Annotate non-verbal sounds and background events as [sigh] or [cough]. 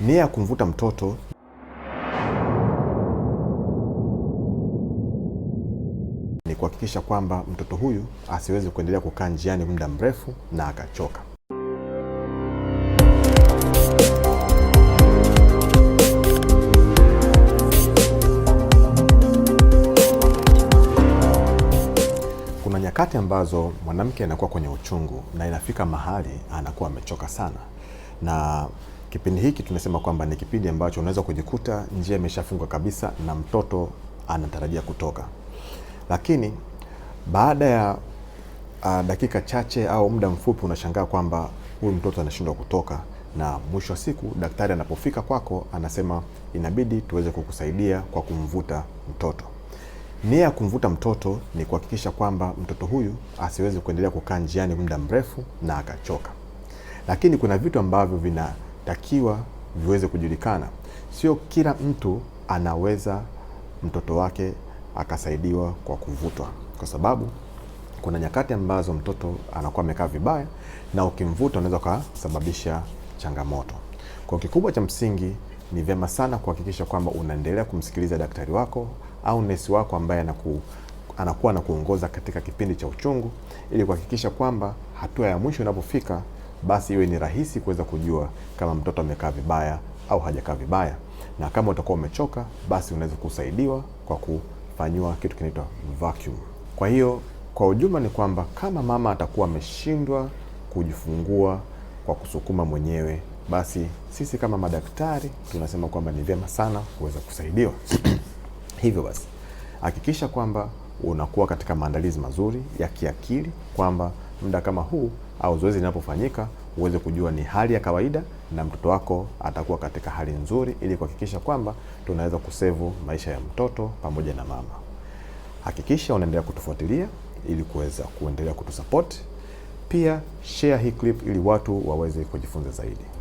nia ya kumvuta mtoto ni kuhakikisha kwamba mtoto huyu asiwezi kuendelea kukaa njiani muda mrefu na akachoka. Kuna nyakati ambazo mwanamke anakuwa kwenye uchungu na inafika mahali anakuwa amechoka sana na Kipindi hiki tunasema kwamba ni kipindi ambacho unaweza kujikuta njia imeshafungwa kabisa na mtoto anatarajia kutoka, lakini baada ya uh, dakika chache au muda mfupi unashangaa kwamba huyu mtoto anashindwa kutoka, na mwisho wa siku daktari anapofika kwako anasema inabidi tuweze kukusaidia kwa kumvuta mtoto. Nia ya kumvuta mtoto ni kuhakikisha kwamba mtoto huyu asiwezi kuendelea kukaa njiani muda mrefu na akachoka, lakini kuna vitu ambavyo vina vinatakiwa viweze kujulikana. Sio kila mtu anaweza mtoto wake akasaidiwa kwa kuvutwa, kwa sababu kuna nyakati ambazo mtoto anakuwa amekaa vibaya na ukimvuta unaweza ukasababisha changamoto. Kwa kikubwa cha msingi ni vyema sana kuhakikisha kwamba unaendelea kumsikiliza daktari wako au nesi wako ambaye anaku, anakuwa anakuongoza katika kipindi cha uchungu ili kuhakikisha kwamba hatua ya mwisho inapofika basi iwe ni rahisi kuweza kujua kama mtoto amekaa vibaya au hajakaa vibaya, na kama utakuwa umechoka, basi unaweza kusaidiwa kwa kufanyiwa kitu kinaitwa vacuum. Kwa hiyo kwa ujumla ni kwamba kama mama atakuwa ameshindwa kujifungua kwa kusukuma mwenyewe, basi sisi kama madaktari tunasema kwamba ni vyema sana kuweza kusaidiwa. [clears throat] Hivyo basi hakikisha kwamba unakuwa katika maandalizi mazuri ya kiakili kwamba muda kama huu au zoezi linapofanyika uweze kujua ni hali ya kawaida na mtoto wako atakuwa katika hali nzuri, ili kuhakikisha kwamba tunaweza kusevu maisha ya mtoto pamoja na mama. Hakikisha unaendelea kutufuatilia ili kuweza kuendelea kutusupport. Pia share hii clip ili watu waweze kujifunza zaidi.